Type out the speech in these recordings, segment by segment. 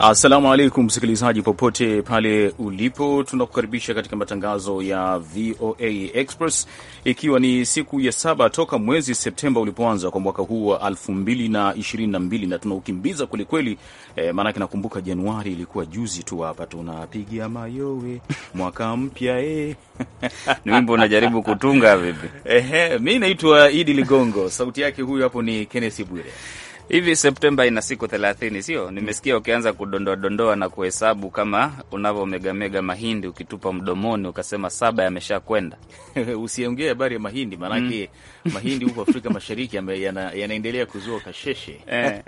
Assalamu alaikum msikilizaji, popote pale ulipo, tunakukaribisha katika matangazo ya VOA Express, ikiwa ni siku ya saba toka mwezi Septemba ulipoanza kwa mwaka huu wa 2022 na tunaukimbiza kwelikweli. E, eh, maanake nakumbuka Januari ilikuwa juzi tu hapa tunapiga mayowe mwaka mpya e. ni wimbo unajaribu kutunga vipi? Ehe, mi naitwa Idi Ligongo, sauti yake huyu hapo ni kennesi Bwire Hivi Septemba ina siku thelathini, sio? Nimesikia ukianza kudondoa dondoa na kuhesabu kama unavyomegamega mahindi ukitupa mdomoni ukasema saba yamesha kwenda. Usiongee habari ya mahindi maanake mm. mahindi huko Afrika Mashariki yana, kuzua kasheshe eh.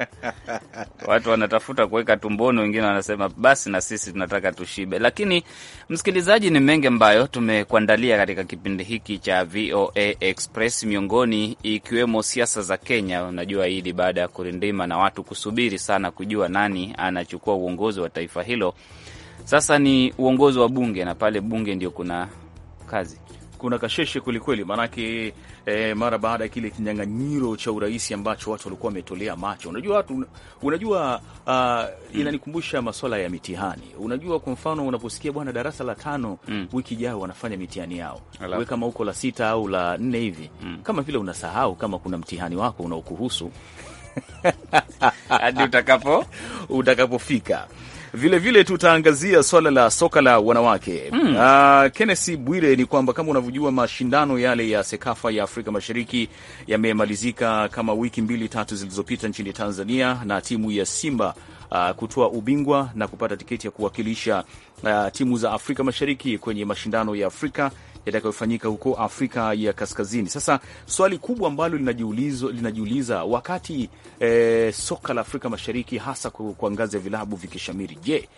Watu wanatafuta kuweka tumboni, wengine wanasema basi na sisi tunataka tushibe. Lakini msikilizaji, ni mengi ambayo tumekuandalia katika kipindi hiki cha VOA Express, miongoni ikiwemo siasa za Kenya. Unajua hili baada ya shauri ndima na watu kusubiri sana kujua nani anachukua uongozi wa taifa hilo. Sasa ni uongozi wa bunge, na pale bunge ndio kuna kazi kuna kasheshe kwelikweli, maanake eh, mara baada ya kile kinyang'anyiro cha urais ambacho watu walikuwa wametolea macho. Unajua watu, unajua uh, inanikumbusha maswala ya mitihani. Unajua, kwa mfano unaposikia bwana, darasa la tano mm. wiki ijayo wanafanya mitihani yao, we kama huko la sita au la nne hivi mm. kama vile unasahau kama kuna mtihani wako unaokuhusu hadi utakapo utakapofika. Vilevile tutaangazia swala la soka la wanawake mm. Uh, Kenneth Bwire, ni kwamba kama unavyojua mashindano yale ya SEKAFA ya Afrika Mashariki yamemalizika kama wiki mbili tatu zilizopita nchini Tanzania na timu ya Simba uh, kutoa ubingwa na kupata tiketi ya kuwakilisha uh, timu za Afrika Mashariki kwenye mashindano ya Afrika yatakayofanyika huko Afrika ya Kaskazini. Sasa swali kubwa ambalo linajiuliza wakati eh, soka la Afrika Mashariki hasa kwa ngazi ya vilabu vikishamiri, je,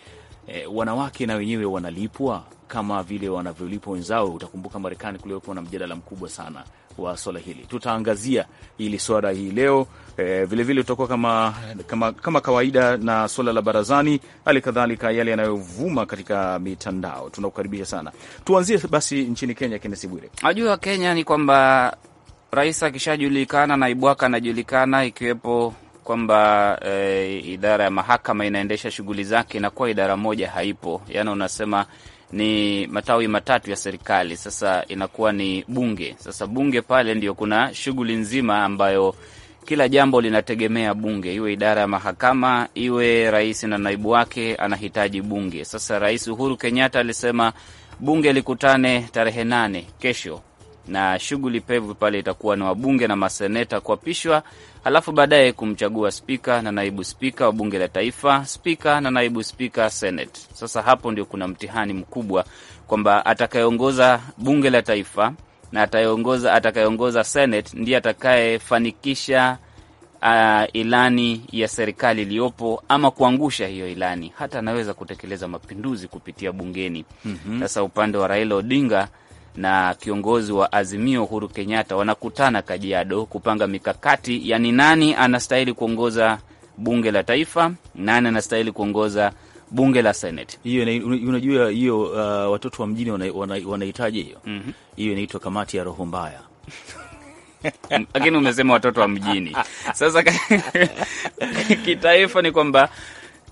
E, wanawake na wenyewe wanalipwa kama vile wanavyolipwa wenzao? Utakumbuka Marekani kulikuwa na mjadala mkubwa sana wa swala hili. Tutaangazia hili swala hii leo vilevile, eh, vile tutakuwa kama, kama, kama kawaida na swala la barazani, hali kadhalika yale yanayovuma katika mitandao. Tunakukaribisha sana. Tuanzie basi nchini Kenya. Kenesi Bwire, najua Kenya ni kwamba rais akishajulikana, naibwaka anajulikana, ikiwepo kwamba e, idara ya mahakama inaendesha shughuli zake, inakuwa idara moja haipo, yaani unasema ni matawi matatu ya serikali, sasa inakuwa ni bunge. Sasa bunge pale ndio kuna shughuli nzima ambayo kila jambo linategemea bunge, iwe idara ya mahakama, iwe rais na naibu wake, anahitaji bunge. Sasa Rais Uhuru Kenyatta alisema bunge likutane tarehe nane kesho na shughuli pevu pale itakuwa ni wabunge na maseneta kuapishwa, halafu baadaye kumchagua spika na naibu spika wa bunge la taifa, spika na naibu spika senate. Sasa hapo ndio kuna mtihani mkubwa kwamba atakayeongoza bunge la taifa na atayeongoza atakayeongoza senate ndiye atakayefanikisha Uh, ilani ya serikali iliyopo ama kuangusha hiyo ilani, hata anaweza kutekeleza mapinduzi kupitia bungeni. Mhm. Sasa mm -hmm. Upande wa Raila Odinga na kiongozi wa Azimio Uhuru Kenyatta wanakutana Kajiado kupanga mikakati, yani nani anastahili kuongoza bunge la taifa, nani anastahili kuongoza bunge la seneti. Hiyo unajua hiyo, uh, watoto wa mjini wanahitaji hiyo mhm. hiyo, mm -hmm. Inaitwa kamati ya roho mbaya lakini umesema watoto wa mjini sasa kitaifa ni kwamba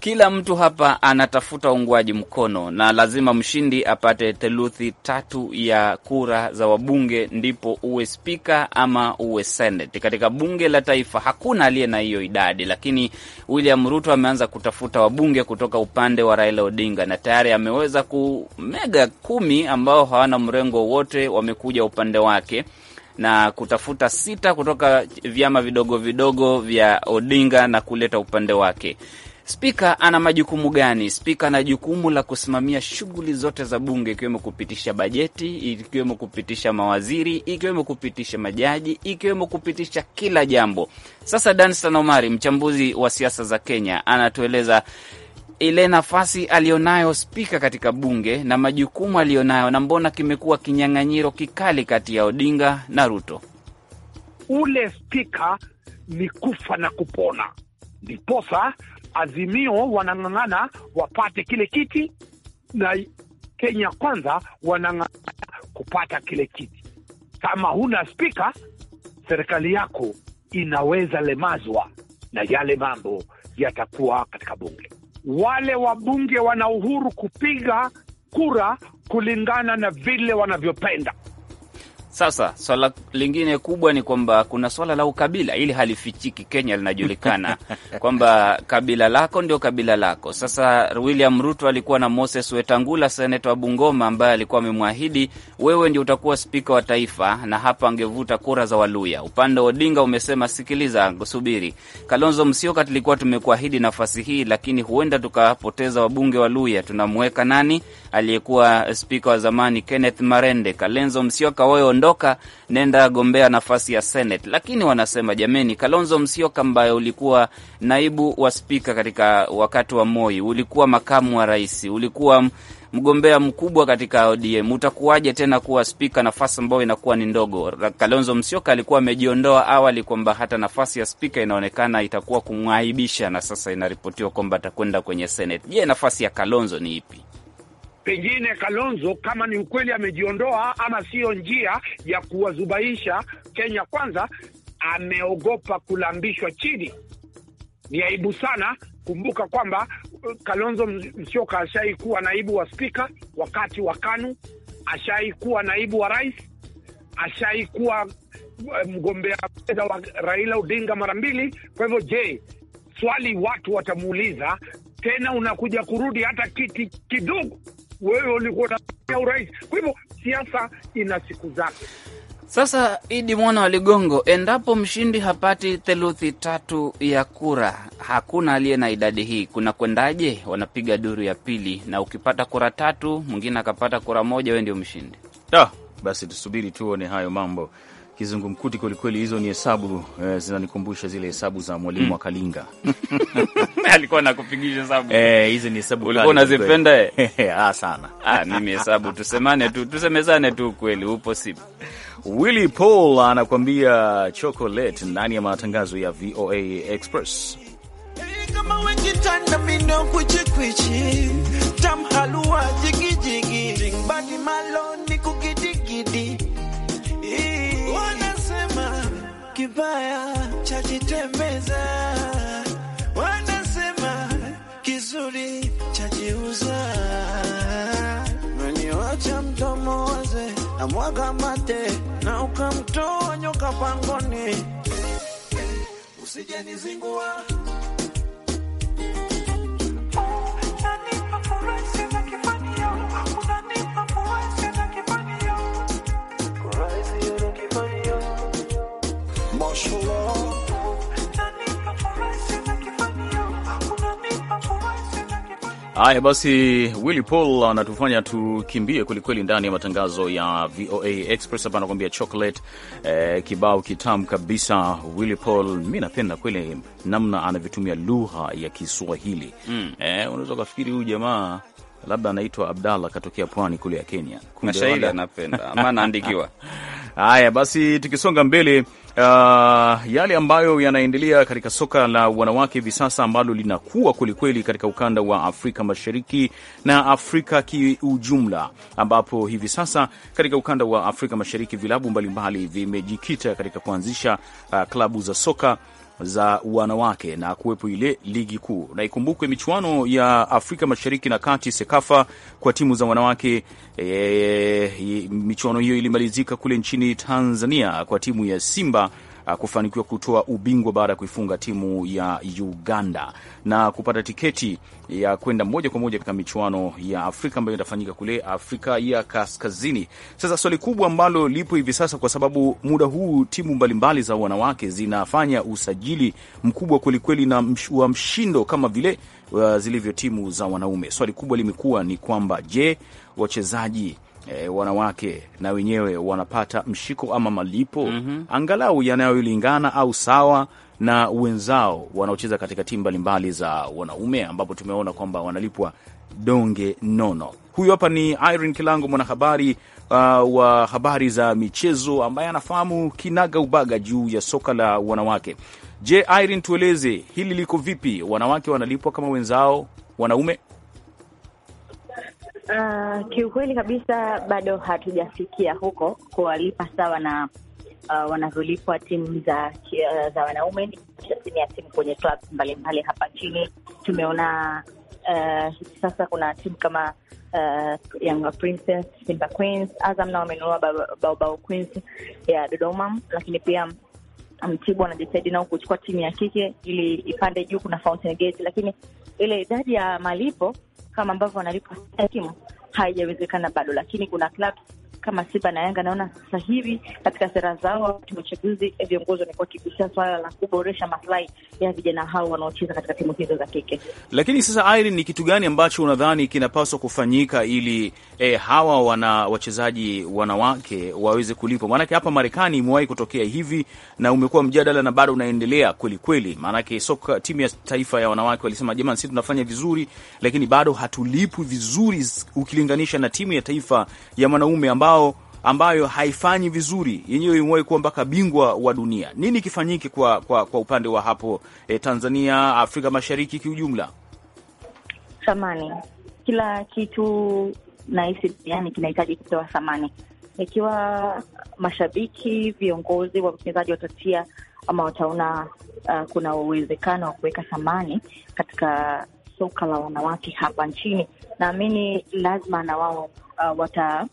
kila mtu hapa anatafuta uungwaji mkono na lazima mshindi apate theluthi tatu ya kura za wabunge, ndipo uwe spika ama uwe seneti. Katika bunge la taifa hakuna aliye na hiyo idadi, lakini William Ruto ameanza kutafuta wabunge kutoka upande wa Raila Odinga na tayari ameweza kumega kumi ambao hawana mrengo wote, wamekuja upande wake na kutafuta sita kutoka vyama vidogo vidogo vya Odinga na kuleta upande wake. Spika ana majukumu gani? Spika ana jukumu la kusimamia shughuli zote za bunge, ikiwemo kupitisha bajeti, ikiwemo kupitisha mawaziri, ikiwemo kupitisha majaji, ikiwemo kupitisha kila jambo. Sasa Danstan Omari, mchambuzi wa siasa za Kenya, anatueleza ile nafasi aliyonayo spika katika bunge na majukumu aliyonayo, na mbona kimekuwa kinyang'anyiro kikali kati ya Odinga na Ruto. Ule spika ni kufa na kupona, ndiposa Azimio wanang'ang'ana wapate kile kiti na Kenya Kwanza wanang'ang'ana kupata kile kiti. Kama huna spika, serikali yako inaweza lemazwa na yale mambo yatakuwa katika bunge. Wale wabunge wana uhuru kupiga kura kulingana na vile wanavyopenda. Sasa swala lingine kubwa ni kwamba kuna swala la ukabila, ili halifichiki. Kenya linajulikana kwamba kabila lako ndio kabila lako. Sasa William Ruto alikuwa na Moses Wetangula, seneta wa Bungoma, ambaye alikuwa amemwahidi wewe ndio utakuwa spika wa taifa, na hapa angevuta kura za Waluya. Upande wa Odinga umesema sikiliza, subiri, Kalonzo Musyoka, tulikuwa tumekuahidi nafasi hii, lakini huenda tukapoteza wabunge wa Luya. Tunamweka nani? Aliyekuwa spika wa zamani Kenneth Marende. Kalonzo Musyoka, wewe ondoka, nenda gombea nafasi ya Senate. Lakini wanasema jameni, Kalonzo Musyoka ambaye ulikuwa naibu wa spika katika wakati wa Moi, ulikuwa makamu wa rais, ulikuwa mgombea mkubwa katika ODM, utakuwaje tena kuwa spika, nafasi ambayo inakuwa ni ndogo? Kalonzo Musyoka alikuwa amejiondoa awali kwamba hata nafasi ya spika inaonekana itakuwa kumwaibisha, na sasa inaripotiwa kwamba atakwenda kwenye Senate. Je, nafasi ya Kalonzo ni ipi? pengine Kalonzo kama ni ukweli amejiondoa ama siyo njia ya kuwazubaisha Kenya kwanza, ameogopa kulambishwa chini. Ni aibu sana. Kumbuka kwamba uh, Kalonzo Musyoka ashaikuwa kuwa naibu wa spika wakati wa KANU, ashai kuwa naibu wa rais, ashai kuwa uh, mgombea mwenza wa Raila Odinga mara mbili. Kwa hivyo, je, swali watu watamuuliza tena, unakuja kurudi hata kiti kidogo wewe ulikuwa unafanya urais. Kwa hivyo siasa ina siku zake. Sasa Idi Mwana wa Ligongo, endapo mshindi hapati theluthi tatu ya kura, hakuna aliye na idadi hii, kuna kwendaje? Wanapiga duru ya pili, na ukipata kura tatu, mwingine akapata kura moja, we ndio mshindi. Da, basi tusubiri tuone hayo mambo. Kizungumkuti kwelikweli. Hizo ni hesabu eh, zinanikumbusha zile hesabu za mwalimu mm. wa Kalinga alikuwa nakupigisha hesabu eh, hizo ni hesabu ulikuwa unazipenda ah, sana ah, mimi hesabu tusemane tu tusemezane tu, kweli upo sipo. Willy Paul anakuambia chocolate ndani ya matangazo ya VOA Express kibaya chajitembeza, wanasema kizuri chajiuza. Meniwacha mdomo waze na mwaga mate na ukamtoa nyoka pangoni, usijenizingua Haya basi, Willy Paul anatufanya tukimbie kwelikweli ndani ya matangazo ya VOA Express. Hapa anakuambia chocolate eh, kibao kitamu kabisa. Willy Paul, mi napenda kweli namna anavyotumia lugha ya Kiswahili mm. Eh, unaweza ukafikiri huyu jamaa labda anaitwa Abdallah katokea pwani kule ya Kenya, anapenda ama anaandikiwa. Haya basi, tukisonga mbele Uh, yale ambayo yanaendelea katika soka la wanawake hivi sasa ambalo linakuwa kwelikweli katika ukanda wa Afrika Mashariki na Afrika kiujumla, ambapo hivi sasa katika ukanda wa Afrika Mashariki vilabu mbalimbali vimejikita katika kuanzisha uh, klabu za soka za wanawake na kuwepo ile ligi kuu. Na ikumbukwe michuano ya Afrika Mashariki na Kati, SEKAFA, kwa timu za wanawake e, michuano hiyo ilimalizika kule nchini Tanzania kwa timu ya Simba uh, kufanikiwa kutoa ubingwa baada ya kuifunga timu ya Uganda na kupata tiketi ya kwenda moja kwa moja katika michuano ya Afrika ambayo itafanyika kule Afrika ya Kaskazini. Sasa swali kubwa ambalo lipo hivi sasa, kwa sababu muda huu timu mbalimbali za wanawake zinafanya usajili mkubwa kwelikweli na wa mshindo kama vile uh, zilivyo timu za wanaume, swali kubwa limekuwa ni kwamba je, wachezaji e, wanawake na wenyewe wanapata mshiko ama malipo mm -hmm. angalau yanayolingana au sawa na wenzao wanaocheza katika timu mbalimbali za wanaume, ambapo tumeona kwamba wanalipwa donge nono. Huyu hapa ni Irene Kilango, mwanahabari uh, wa habari za michezo ambaye anafahamu kinaga ubaga juu ya soka la wanawake. Je, Irene, tueleze hili liko vipi? Wanawake wanalipwa kama wenzao wanaume? Uh, kiukweli kabisa bado hatujafikia huko kuwalipa sawa na uh, wanavyolipwa timu za uh, za wanaume chini ya timu kwenye club mbalimbali hapa nchini. Tumeona uh, hivi sasa kuna timu kama uh, Yanga Princess, Simba Queens, Azam nao wamenunua Baobao Queens ya Dodoma, lakini pia Mtibwa um, wanajisaidi nao kuchukua timu ya kike ili ipande juu. Kuna Fountain Gate, lakini ile idadi ya malipo kama ambavyo wanalipwa timu haijawezekana bado, lakini kuna clubs kama Simba na Yanga, naona sasa hivi katika sera zao wakati wa uchaguzi eh, viongozi wamekuwa wakigusia swala la kuboresha maslahi ya vijana hao wanaocheza katika timu hizo za kike. Lakini sasa, Irene, ni kitu gani ambacho unadhani kinapaswa kufanyika ili eh, hawa wana wachezaji wanawake waweze kulipwa? Maanake hapa Marekani imewahi kutokea hivi na umekuwa mjadala na bado unaendelea kweli kweli, Maanake soka timu ya taifa ya wanawake walisema jamani, sisi tunafanya vizuri, lakini bado hatulipwi vizuri ukilinganisha na timu ya taifa ya wanaume ambao ambao ambayo haifanyi vizuri, yenyewe imewahi kuwa mpaka bingwa wa dunia. Nini kifanyike kwa, kwa, kwa upande wa hapo eh, Tanzania, Afrika Mashariki kiujumla? Thamani kila kitu nahisi duniani kinahitaji kupewa thamani. Ikiwa mashabiki, viongozi, wachezaji watatia ama wataona uh, kuna uwezekano wa kuweka thamani katika soka la wanawake hapa nchini, naamini lazima na wao uh, wata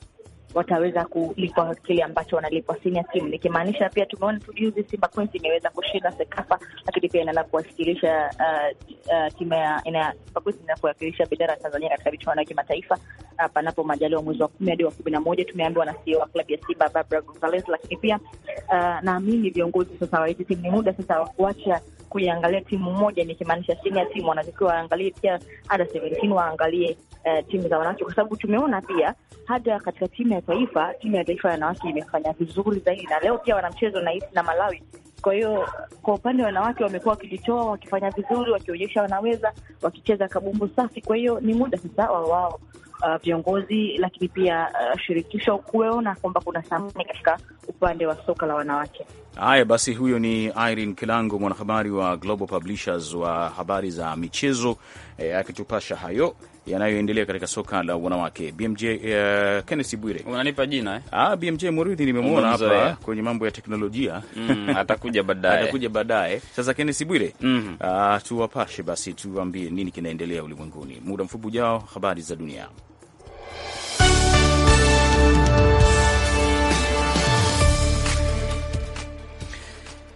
wataweza kulipwa kile ambacho wanalipwa senior team, nikimaanisha pia tumeona tu juzi Simba Queens imeweza kushinda Sekafa, lakini pia inaenda kuwakilisha uh, uh, timu ya Simba inaenda kuwakilisha bendera ya Tanzania katika michuano ya kimataifa ah, panapo majaliwa mwezi wa kumi hadi wa kumi na moja. Tumeambiwa na CEO wa klabu ya Simba Barbara Gonzalez, lakini pia uh, naamini viongozi sasa wa hizi timu ni muda sasa wa kuacha kuiangalia timu moja, nikimaanisha sini ya timu, wanatakiwa waangalie pia under 17 waangalie uh, timu za wanawake, kwa sababu tumeona pia hata katika timu ya taifa, timu ya taifa ya wanawake imefanya vizuri zaidi, na leo pia wana mchezo na na Malawi. Kwa hiyo kwa upande wa wanawake wamekuwa wakijitoa, wakifanya vizuri, wakionyesha wanaweza, wakicheza kabumbu safi. Kwa hiyo ni muda sasa wa wao uh, viongozi lakini pia uh, shirikisho kuona kwamba kuna thamani katika upande wa soka la wanawake. Haya basi, huyo ni Irene Kilango, mwanahabari wa Global Publishers wa habari za michezo eh, akitupasha hayo yanayoendelea katika soka la wanawake. BMJ uh, eh, Kenneth Bwire, unanipa jina eh? Ah, BMJ Muridhi nimemwona hapa kwenye mambo ya teknolojia mm, atakuja baadaye atakuja baadaye. Sasa Kenneth Bwire mm -hmm. uh, tuwapashe basi, tuambie nini kinaendelea ulimwenguni. Muda mfupi ujao, habari za dunia.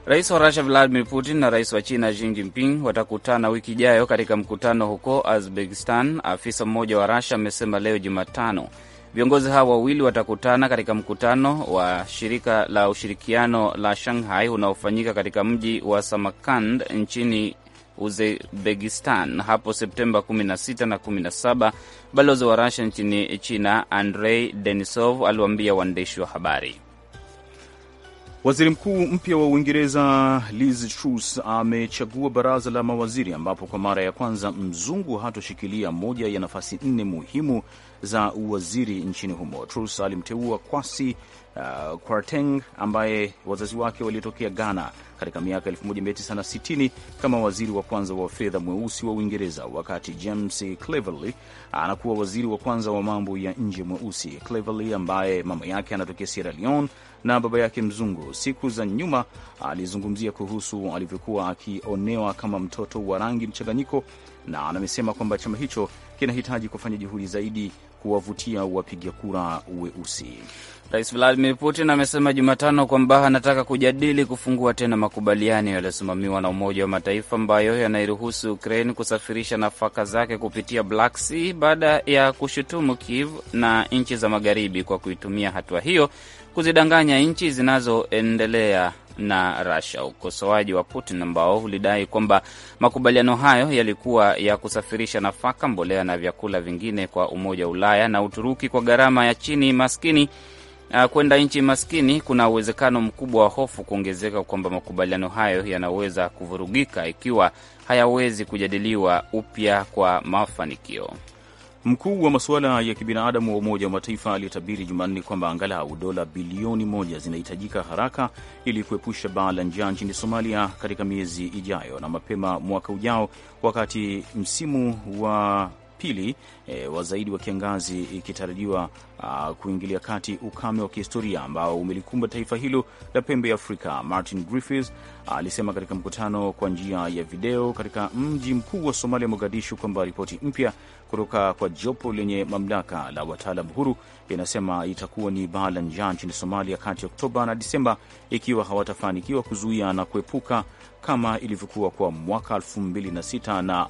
Rais wa Rusia Vladimir Putin na rais wa China Xi Jinping watakutana wiki ijayo katika mkutano huko Uzbekistan, afisa mmoja wa Rusia amesema leo Jumatano. Viongozi hao wawili watakutana katika mkutano wa shirika la ushirikiano la Shanghai unaofanyika katika mji wa Samarkand nchini Uzbekistan hapo Septemba 16 na 17. Balozi wa Rusia nchini China Andrei Denisov aliwaambia waandishi wa habari. Waziri mkuu mpya wa Uingereza Liz Truss amechagua baraza la mawaziri ambapo kwa mara ya kwanza mzungu hatoshikilia moja ya nafasi nne muhimu za uwaziri nchini humo. Truss alimteua Kwasi uh, Kwarteng ambaye wazazi wake walitokea Ghana katika miaka 1960 kama waziri wa kwanza wa fedha mweusi wa Uingereza, wakati James Cleverly anakuwa waziri wa kwanza wa mambo ya nje mweusi. Cleverly ambaye mama yake anatokea Sierra Leone na baba yake mzungu. Siku za nyuma alizungumzia kuhusu alivyokuwa akionewa kama mtoto wa rangi mchanganyiko, na amesema kwamba chama hicho kinahitaji kufanya juhudi zaidi kuwavutia wapiga kura weusi. Rais Vladimir Putin amesema Jumatano kwamba anataka kujadili kufungua tena makubaliano yaliyosimamiwa na Umoja wa Mataifa ambayo yanairuhusu Ukraine kusafirisha nafaka zake kupitia Black Sea baada ya kushutumu Kiev na nchi za Magharibi kwa kuitumia hatua hiyo kuzidanganya nchi zinazoendelea na Russia. Ukosoaji wa Putin ambao ulidai kwamba makubaliano hayo yalikuwa ya kusafirisha nafaka, mbolea na vyakula vingine kwa Umoja wa Ulaya na Uturuki kwa gharama ya chini maskini ah, kwenda nchi maskini. Kuna uwezekano mkubwa wa hofu kuongezeka kwamba makubaliano hayo yanaweza kuvurugika ikiwa hayawezi kujadiliwa upya kwa mafanikio. Mkuu wa masuala ya kibinadamu wa Umoja wa Mataifa alitabiri Jumanne kwamba angalau dola bilioni moja zinahitajika haraka ili kuepusha baa la njaa nchini Somalia katika miezi ijayo na mapema mwaka ujao, wakati msimu wa pili e, wa zaidi wa kiangazi ikitarajiwa kuingilia kati ukame wa kihistoria ambao umelikumba taifa hilo la pembe ya Afrika. Martin Griffiths alisema katika mkutano kwa njia ya video katika mji mkuu wa Somalia, Mogadishu, kwamba ripoti mpya kutoka kwa jopo lenye mamlaka la wataalam huru inasema itakuwa ni baa la njaa nchini Somalia kati ya Oktoba na Disemba ikiwa hawatafanikiwa kuzuia na kuepuka kama ilivyokuwa kwa mwaka 2006 na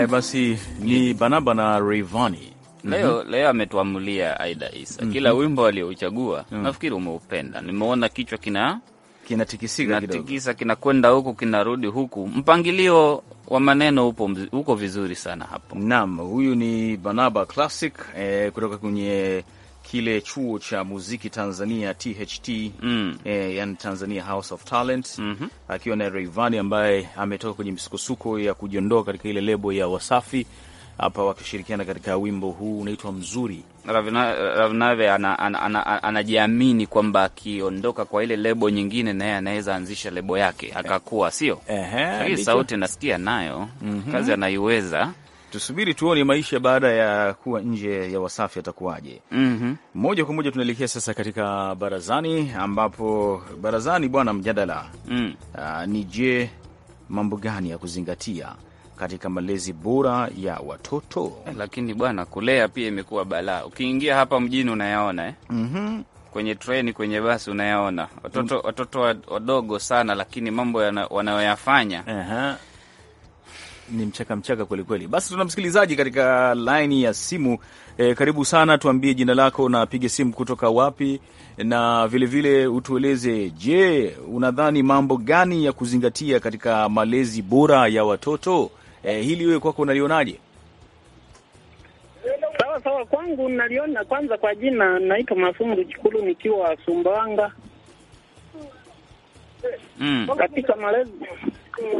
Haya basi, ni Banaba na Rayvanny leo mm -hmm. Leo ametuamulia Aida Isa mm -hmm. Kila wimbo aliouchagua mm -hmm. Nafikiri umeupenda. Nimeona kichwa kina kinatikisika kinatikisa, kinakwenda huku, kinarudi huku, mpangilio wa maneno upo, uko vizuri sana hapo. Naam, huyu ni Banaba Classic eh, kutoka kwenye kile chuo cha muziki Tanzania THT, mm. eh, yani Tanzania House of Talent mm -hmm. akiwa na Rayvanny ambaye ametoka kwenye msukosuko ya kujiondoa katika ile lebo ya Wasafi hapa wakishirikiana katika wimbo huu unaitwa Mzuri. Ravnave anajiamini ana, ana, ana kwamba akiondoka kwa ile lebo nyingine, naye anaweza anzisha lebo yake akakuwa, sio hii sauti nasikia nayo mm -hmm. kazi anaiweza Tusubiri tuone maisha baada ya kuwa nje ya Wasafi atakuwaje mm -hmm. Moja kwa moja tunaelekea sasa katika barazani, ambapo barazani bwana mjadala mm. uh, ni je, mambo gani ya kuzingatia katika malezi bora ya watoto? Lakini bwana, kulea pia imekuwa balaa. Ukiingia hapa mjini unayaona eh? mm -hmm. Kwenye treni, kwenye basi unayaona watoto, mm. watoto wadogo sana, lakini mambo wanayoyafanya uh -huh ni mchaka mchaka kwelikweli. Basi tuna msikilizaji katika laini ya simu e, karibu sana, tuambie jina lako na pige simu kutoka wapi, na vilevile vile utueleze, je, unadhani mambo gani ya kuzingatia katika malezi bora ya watoto? E, hili wewe kwako unalionaje? Sawa sawa, kwangu naliona kwanza, kwa jina naitwa Masungu Chikulu nikiwa Sumbawanga. Mm. katika malezi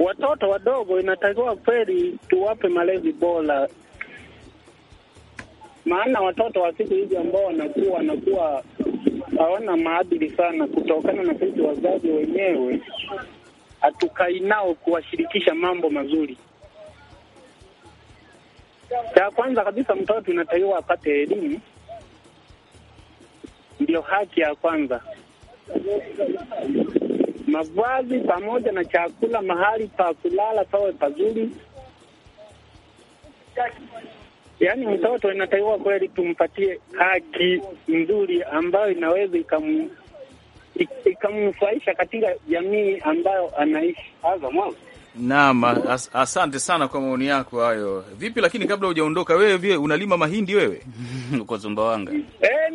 watoto wadogo inatakiwa kweli tuwape malezi bora, maana watoto wa siku hizi ambao wanakuwa wanakuwa hawana maadili sana, kutokana na sisi wazazi wenyewe hatukai nao kuwashirikisha mambo mazuri. Cha kwanza kabisa, mtoto inatakiwa apate elimu, ndiyo haki ya kwanza mavazi pamoja na chakula, mahali pa kulala pawe pazuri. Yaani mtoto inatakiwa kweli tumpatie haki nzuri ambayo inaweza ikamnufaisha katika jamii ambayo anaishi. Naam, as, asante sana kwa maoni yako hayo. Vipi lakini, kabla hujaondoka wewe, vile unalima mahindi wewe uko Zumbawanga? Eh,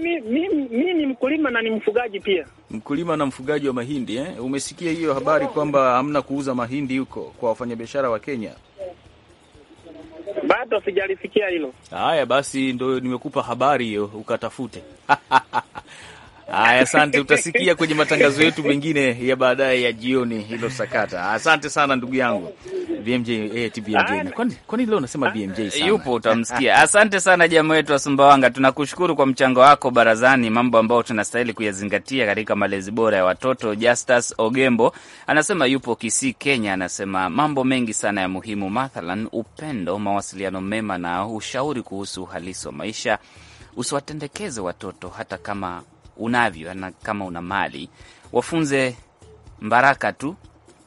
mi, mi, mi ni mkulima na ni mfugaji pia, mkulima na mfugaji wa mahindi eh? Umesikia hiyo habari kwamba hamna kuuza mahindi huko kwa wafanyabiashara wa Kenya? Bado sijalifikia hilo. Haya basi, ndo nimekupa habari hiyo ukatafute. Haya, asante. Utasikia kwenye matangazo yetu mengine ya baadaye ya jioni hilo sakata. Asante sana ndugu yangu BMJ. Eh, BMJ kwani kwani leo unasema BMJ sana, yupo utamsikia. Asante sana jamaa wetu wa Sumbawanga, tunakushukuru kwa mchango wako barazani, mambo ambayo tunastahili kuyazingatia katika malezi bora ya watoto. Justus Ogembo anasema yupo Kisii, Kenya, anasema mambo mengi sana ya muhimu, mathalan upendo, mawasiliano mema na ushauri kuhusu uhalisi wa maisha. Usiwatendekeze watoto hata kama unavyo na kama una mali wafunze mbaraka tu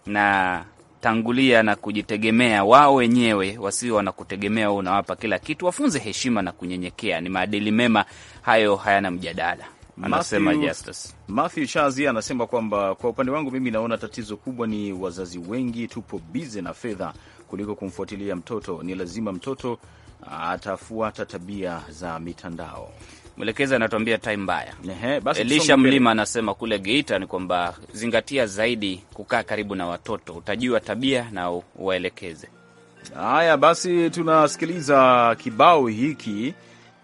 na tangulia na kujitegemea wao wenyewe, wasio wanakutegemea wao, unawapa kila kitu. Wafunze heshima na kunyenyekea, ni maadili mema hayo, hayana mjadala. Anasema Justus Matthew Chazi anasema kwamba kwa upande wangu mimi naona tatizo kubwa ni wazazi wengi tupo bize na fedha kuliko kumfuatilia mtoto. Ni lazima mtoto atafuata tabia za mitandao. Mwelekezi anatuambia time mbaya. Elisha Mlima anasema kule Geita ni kwamba zingatia zaidi kukaa karibu na watoto, utajua tabia na uwaelekeze. Haya basi, tunasikiliza kibao hiki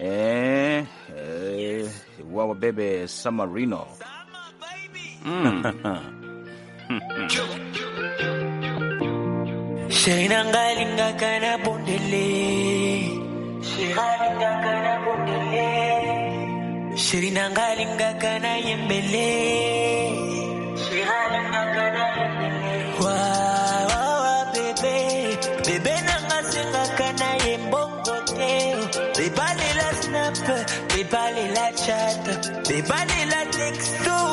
e, e, wawabebe Samarino mm. shiri nangalingaka naye mbele wawawa bebe bebe nangasengaka naye mbongo te bebalela snap bebalela chat bebalela texto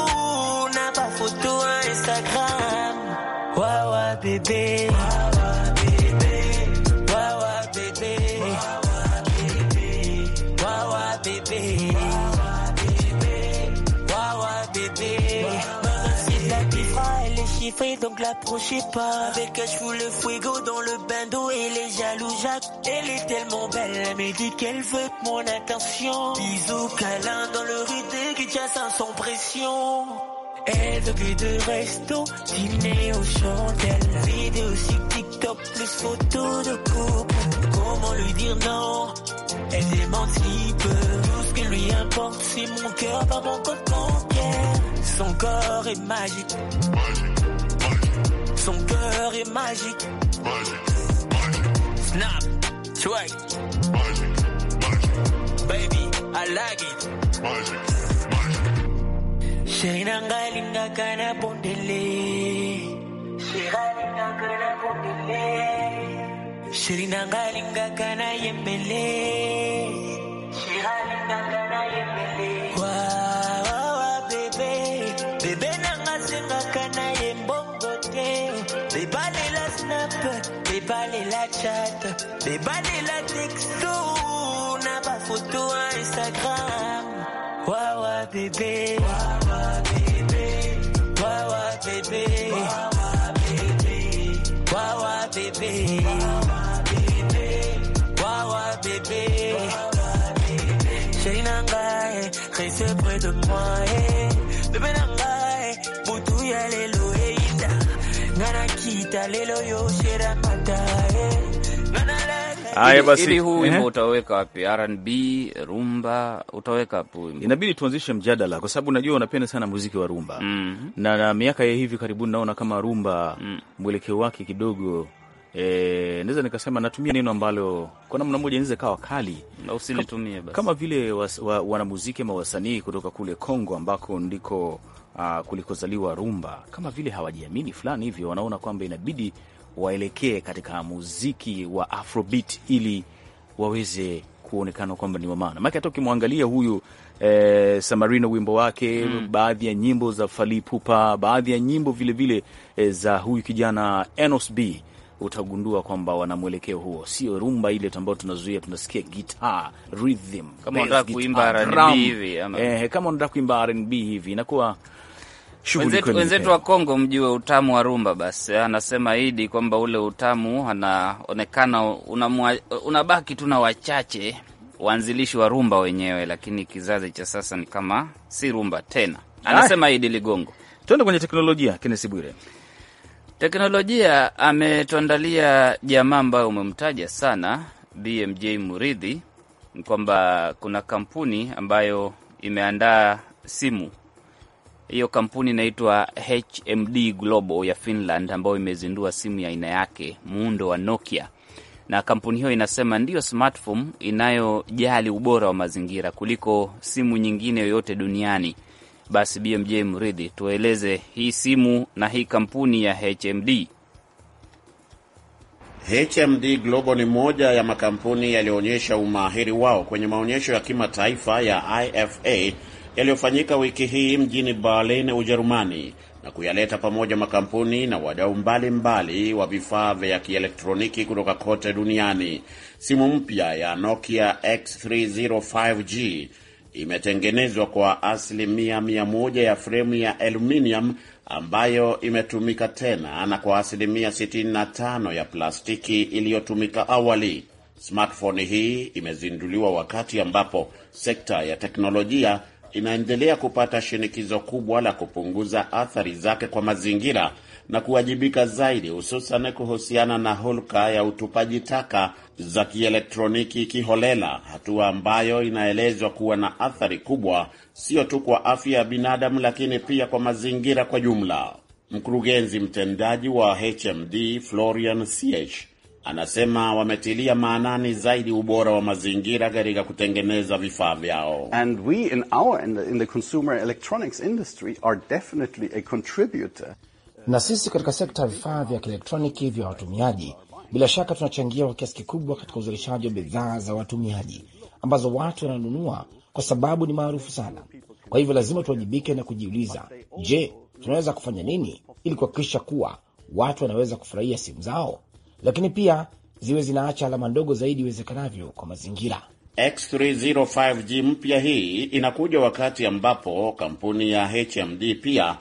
Approchez pas. Avec un fous le fuego dans le bain d'eau et les jaloux Jacques. Elle est tellement belle, elle me dit qu'elle veut mon attention. Bisous câlin dans le rude qui tient sans pression. Elle veut de resto, dîner au chandelles. Vidéo sur TikTok, plus photos de couple. Comment lui dire non Elle demande si peu. Tout ce qui lui importe, c'est mon cœur, pas mon compte Son corps est magique. Son cœur est magique. magique. Snap, twerk Magique. Magique. Baby, I like it. Shaina ngalinga kana pondele. Shaina ngalinga kana pondele. Shaina ngalinga kana yembele. Déballer la chat, déballer la texto, n'a pas photo à Instagram. Hein, wawa bébé, wawa bébé, wawa bébé, wawa bébé, wawa bébé, wawa bébé, wawa bébé. Chérie Nangae, reste près de moi, eh. bébé Nangae. Eh. Haya basi, ili huu wimbo utaweka wapi? RnB, rumba, utaweka hapo? Inabidi tuanzishe mjadala, kwa sababu najua unapenda sana muziki wa rumba mm -hmm. na, na miaka ya hivi karibuni naona kama rumba mm. mwelekeo wake kidogo E, naweza nikasema natumia neno ambalo kwa namna moja inaweza kawa kali na basi, kama vile wanamuziki ama wasanii kutoka kule Kongo ambako ndiko uh, ah, kulikozaliwa rumba, kama vile hawajiamini fulani hivyo, wanaona kwamba inabidi waelekee katika muziki wa Afrobeat ili waweze kuonekana kwamba ni wa maana. Maana hata ukimwangalia huyu eh, Samarino wimbo wake mm, baadhi ya nyimbo za fali pupa baadhi ya nyimbo vilevile vile, eh, za huyu kijana Enos B utagundua kwamba wana mwelekeo huo, sio rumba ile ambayo tunazuia, tunasikia guitar rhythm, kama unataka kuimba R&B hivi eh, kama unataka kuimba R&B hivi inakuwa wenzetu, wenzetu wa Kongo mjue utamu wa rumba. Basi anasema Idi kwamba ule utamu anaonekana unabaki tu na wachache waanzilishi wa rumba wenyewe, lakini kizazi cha sasa ni kama si rumba tena, anasema Idi Ligongo. Tuende kwenye teknolojia, Kenesi Bwire teknolojia ametuandalia jamaa ambayo umemtaja sana BMJ Muridhi, kwamba kuna kampuni ambayo imeandaa simu hiyo kampuni inaitwa HMD Global ya Finland, ambayo imezindua simu ya aina yake, muundo wa Nokia. Na kampuni hiyo inasema ndiyo smartphone inayojali ubora wa mazingira kuliko simu nyingine yoyote duniani. Basi BMJ Mridhi, tueleze hii simu na hii kampuni ya HMD. HMD Global ni moja ya makampuni yaliyoonyesha umahiri wao kwenye maonyesho ya kimataifa ya IFA yaliyofanyika wiki hii mjini Berlin, Ujerumani na kuyaleta pamoja makampuni na wadau mbalimbali wa vifaa vya kielektroniki kutoka kote duniani. Simu mpya ya Nokia X305G imetengenezwa kwa asilimia mia moja ya fremu ya aluminium ambayo imetumika tena na kwa asilimia 65 ya plastiki iliyotumika awali. Smartphone hii imezinduliwa wakati ambapo sekta ya teknolojia inaendelea kupata shinikizo kubwa la kupunguza athari zake kwa mazingira na kuwajibika zaidi, hususan kuhusiana na hulka ya utupaji taka za kielektroniki kiholela, hatua ambayo inaelezwa kuwa na athari kubwa sio tu kwa afya ya binadamu, lakini pia kwa mazingira kwa jumla. Mkurugenzi mtendaji wa HMD Florian Ch anasema wametilia maanani zaidi ubora wa mazingira katika kutengeneza vifaa vyao. And we in our in the, in the consumer electronics industry are definitely a contributor na sisi katika sekta ya vifaa vya kielektroniki vya watumiaji, bila shaka tunachangia kwa kiasi kikubwa katika uzalishaji wa bidhaa za watumiaji ambazo watu wananunua kwa sababu ni maarufu sana. Kwa hivyo lazima tuwajibike na kujiuliza, je, tunaweza kufanya nini ili kuhakikisha kuwa watu wanaweza kufurahia simu zao, lakini pia ziwe zinaacha alama ndogo zaidi iwezekanavyo kwa mazingira. X305G mpya hii inakuja wakati ambapo kampuni ya HMD pia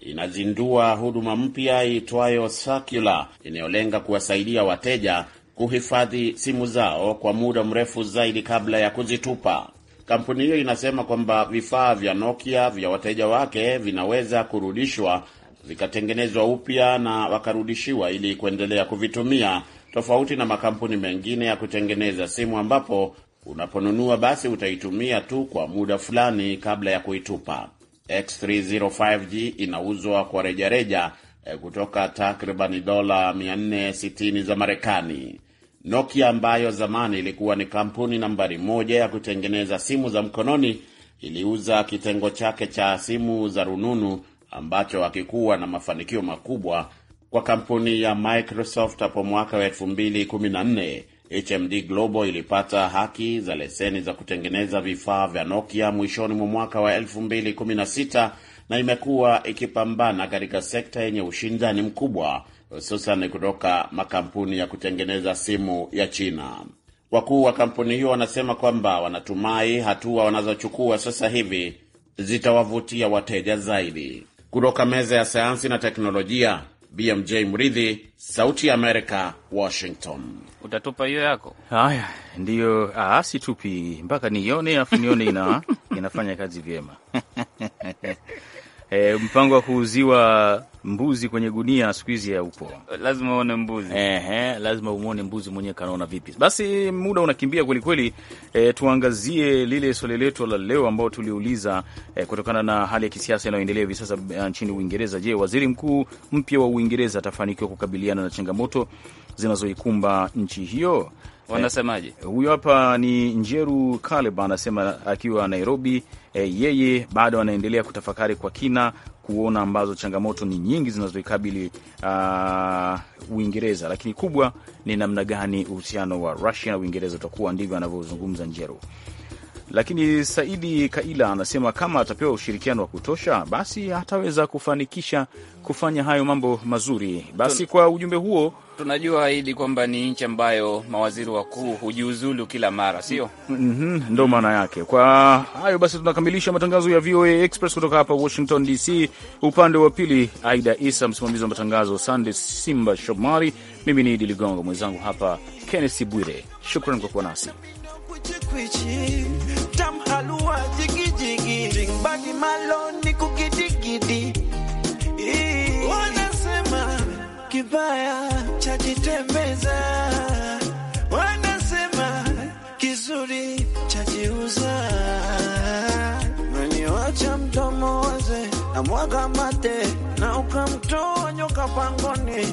inazindua huduma mpya iitwayo Circular inayolenga kuwasaidia wateja kuhifadhi simu zao kwa muda mrefu zaidi kabla ya kuzitupa. Kampuni hiyo inasema kwamba vifaa vya Nokia vya wateja wake vinaweza kurudishwa, vikatengenezwa upya na wakarudishiwa ili kuendelea kuvitumia, tofauti na makampuni mengine ya kutengeneza simu ambapo unaponunua basi utaitumia tu kwa muda fulani kabla ya kuitupa. X305G inauzwa kwa rejareja reja eh, kutoka takribani dola 460 za Marekani. Nokia ambayo zamani ilikuwa ni kampuni nambari moja ya kutengeneza simu za mkononi iliuza kitengo chake cha simu za rununu ambacho hakikuwa na mafanikio makubwa kwa kampuni ya Microsoft hapo mwaka wa 2014 HMD Global ilipata haki za leseni za kutengeneza vifaa vya Nokia mwishoni mwa mwaka wa 2016 na imekuwa ikipambana katika sekta yenye ushindani mkubwa hususan kutoka makampuni ya kutengeneza simu ya China. Wakuu wa kampuni hiyo wanasema kwamba wanatumai hatua wanazochukua sasa hivi zitawavutia wateja zaidi. Kutoka meza ya sayansi na teknolojia, BMJ Mridhi, Sauti ya Amerika, Washington. Utatupa hiyo yako? Haya, ndiyo asitupi ah, mpaka nione, afu nione ina, inafanya kazi vyema. E, mpango wa kuuziwa mbuzi kwenye gunia siku hizi haupo, lazima uone mbuzi. Ehe, lazima umwone mbuzi mwenyewe kanaona vipi. Basi muda unakimbia kweli kweli, E, tuangazie lile swali letu la leo ambao tuliuliza e, kutokana na hali ya kisiasa inayoendelea hivi sasa e, nchini Uingereza. Je, waziri mkuu mpya wa Uingereza atafanikiwa kukabiliana na changamoto zinazoikumba nchi hiyo? E, Wanasemaje? Eh, huyo hapa ni Njeru Kaleb anasema akiwa Nairobi. E, yeye bado anaendelea kutafakari kwa kina kuona ambazo changamoto ni nyingi zinazoikabili uh, Uingereza, lakini kubwa ni namna gani uhusiano wa Rusia na Uingereza utakuwa. Ndivyo anavyozungumza Njeru. Lakini Saidi Kaila anasema kama atapewa ushirikiano wa kutosha, basi ataweza kufanikisha kufanya hayo mambo mazuri. Basi kwa ujumbe huo tunajua hili kwamba ni nchi ambayo mawaziri wakuu hujiuzulu kila mara, sio? mm -hmm, ndo maana yake. Kwa hayo basi, tunakamilisha matangazo ya VOA Express kutoka hapa Washington DC. Upande wa pili, Aida Isa, msimamizi wa matangazo Sande Simba Shomari, mimi ni Idi Ligongo, mwenzangu hapa Kennesi Bwire. Shukran kwa kuwa nasi. Kibaya chajitembeza, wanasema kizuri chajiuza, naniwacha mdomo waze na mwaga mate na ukamtoa nyoka pangoni.